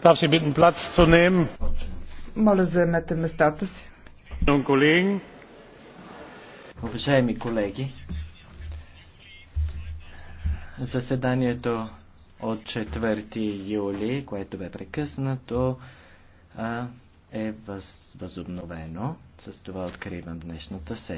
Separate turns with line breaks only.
Darf Sie bitten, Platz zu nehmen?
Моля, заемете местата си.
Уважаеми колеги, заседанието от 4 юли, което бе прекъснато, е възобновено. С
това откривам днешната сесия.